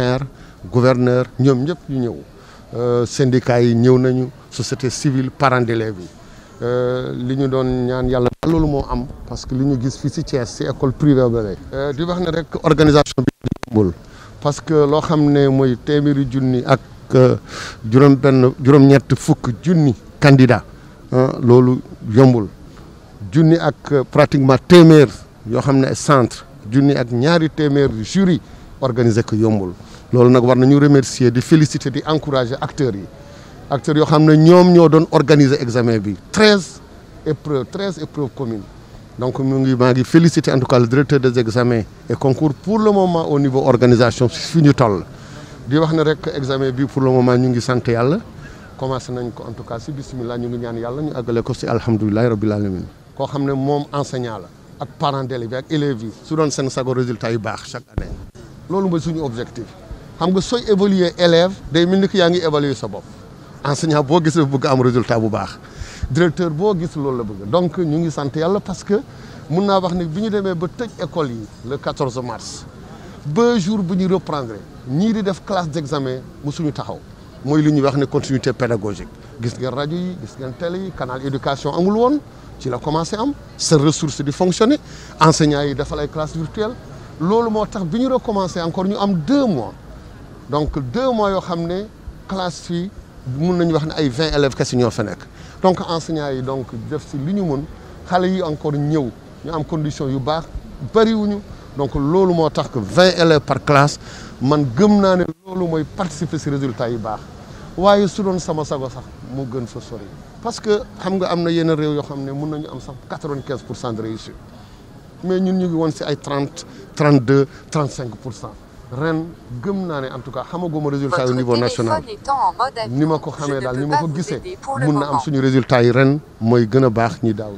maire gouverneur ñoom ñëpp ñu ñëw euh, syndicats yi ñëw nañu société civile parents d'élèves yi euh, li ñu doon ñaan yàlla loolu moo am parce que li ñu gis fii ci Thiès ci école privée ba lay euh, di wax ne rek organisation bi yombul parce que loo xam ne mooy téeméeri junni ak juróom benn fukk junni candidat loolu yombul junni ak pratiquement téeméer yoo xam ne centre junni ak ñaari téeméer jury organiser ko yombul loolu nag war nañu remercier di féliciter di encourager acteurs yi acteurs yoo xam ne ñoom ñoo doon organiser examen bi treize épreuves 13 épreuves communes donc mu ngi maa ngi féliciter en tout cas le directeur des examens et concours pour le moment au niveau organisation fi ñu toll di wax ne rek examen bi pour le moment ñu ngi sant yàlla commencé nañ ko en tout cas si bismillah ñu ngi ñaan yalla ñu agalé ko ci alhamdoulillah rabbil alamin ko xam mom enseignant la ak parent d'élève ak élèves yi su doon seen sago résultat yu baax chaque année lolu mooy suñu objectif xam nga sooy évaluer élève day mel ni que yaa ngi évaluer sa bopp enseignant boo gis bëgg am résultat bu baax directeur boo gis loolu la bëgg donc ñu ngi sant yàlla parce que mun naa wax ni bi ñu demee ba tëj école yi le 14 mars ba jour bu ñu reprendre ñii di def classe d'examen musuñu taxaw mooy li ñuy wax ne continuité pédagogique gis ngeen rajo yi gis ngeen télé yi canal éducation amul woon ci la commencé am sa ressource di fonctionner enseignants yi defal ay classe virtuelle loolu moo tax bi ñu recommencé encore ñu am deux mois donc, deux mois, nous la classe fi mën nañ wax 20 élèves qui ñoo fa nekk donc enseignants yi donc def ci li ñu mën encore ñëw ñu am condition yu bari donc 20 élèves par classe man gëm participé à ce participer si résultat yu baax waaye su doon sama sago parce que xam nga am na 95 de réussite mais nous, ñu ngi 30 32 35 ren gëm naa ne en tout cas xamaguma résultat yi au niveau national ni ma ko xamee daal ni ma ko gisee mun na am suñu résultat yi ren mooy gën a baax ñi daaw